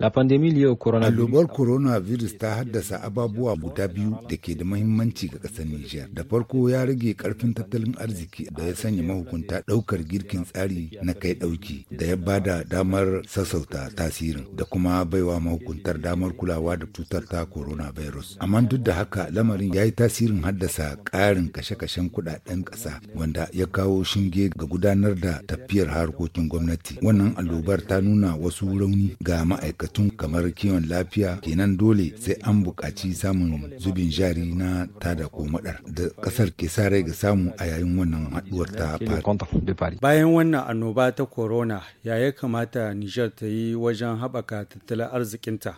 Allobar coronavirus ta haddasa ababuwa guda biyu da ke da mahimmanci ga ƙasar Nijar. Da farko ya rage ƙarfin tattalin arziki da ya sanya mahukunta ɗaukar girkin tsari na kai ɗauki da ya bada damar sassauta tasirin da kuma baiwa mahukuntar damar kulawa da cutar ta corona virus. Amma duk da haka lamarin ya yi tasirin haddasa ƙarin kashe-kashen kuɗaɗen ƙasa wanda ya kawo shinge ga gudanar da tafiyar harkokin gwamnati. Wannan allobar ta nuna wasu rauni ga ma'aikata tun kamar kiwon lafiya kenan dole sai an buƙaci samun zubin jari na tada ko madar da ƙasar ke sa rai ga samu a yayin wannan haɗuwar ta Bayan wannan annoba ta corona ya ya kamata Nijar ta yi wajen haɓaka tattalin arzikinta.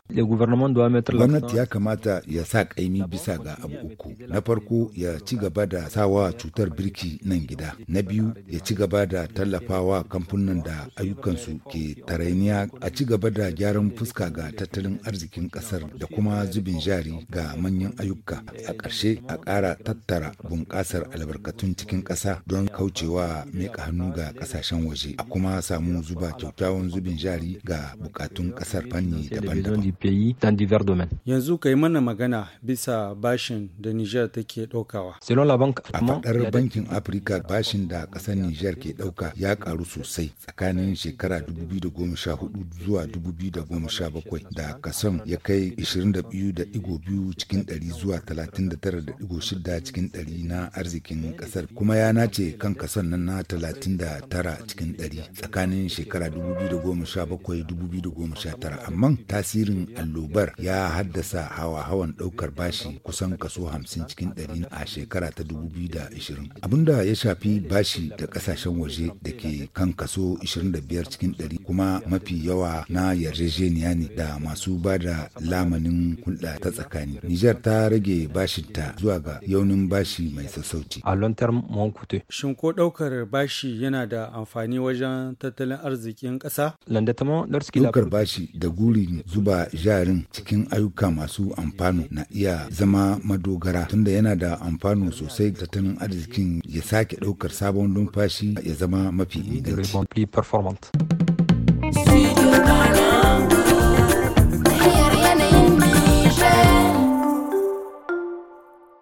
Gwamnati ya kamata ya sa ƙaimi bisa ga abu uku. Na farko ya ci gaba da sawa cutar birki nan gida. Na biyu ya ci gaba da tallafawa kamfunan da ayyukansu ke tarainiya a ci gaba da gyaran fuska ga tattalin arzikin kasar da kuma zubin jari ga manyan ayyuka a ƙarshe a ƙara tattara bunƙasar albarkatun cikin ƙasa don kaucewa mai hannu ga ƙasashen waje a kuma samu zuba kyakkyawan zubin jari ga buƙatun ƙasar fanni daban-daban yanzu kai mana magana bisa bashin da Niger take ɗaukawa a faɗar bankin afirka bashin da ƙasar Niger ke ɗauka ya ƙaru sosai tsakanin shekara 2014 zuwa 2015 2017 da kason ya kai 22.2 cikin 100 zuwa 39.6 cikin 100 na arzikin kasar kuma ya nace kan kason nan na 39 cikin 100 tsakanin shekara 2017-2019 amma tasirin allobar ya haddasa hawa-hawan daukar bashi kusan kaso 50 cikin 100 a shekara ta 2020 abinda ya shafi bashi da kasashen waje da ke kan kaso 25 cikin 100 kuma mafi yawa na yarjejeniya yarjejeniya da masu ba da lamanin hulɗa ta tsakani. Nijar ta rage ta zuwa ga yaunin bashi mai sassauci. A lantar Monkute. Shin ko ɗaukar bashi yana da amfani wajen tattalin arzikin ƙasa? Ɗaukar bashi da guri zuba jarin cikin ayyuka masu amfano na iya zama madogara tunda yana da amfano sosai tattalin arzikin ya sake ɗaukar sabon numfashi ya zama mafi inganci.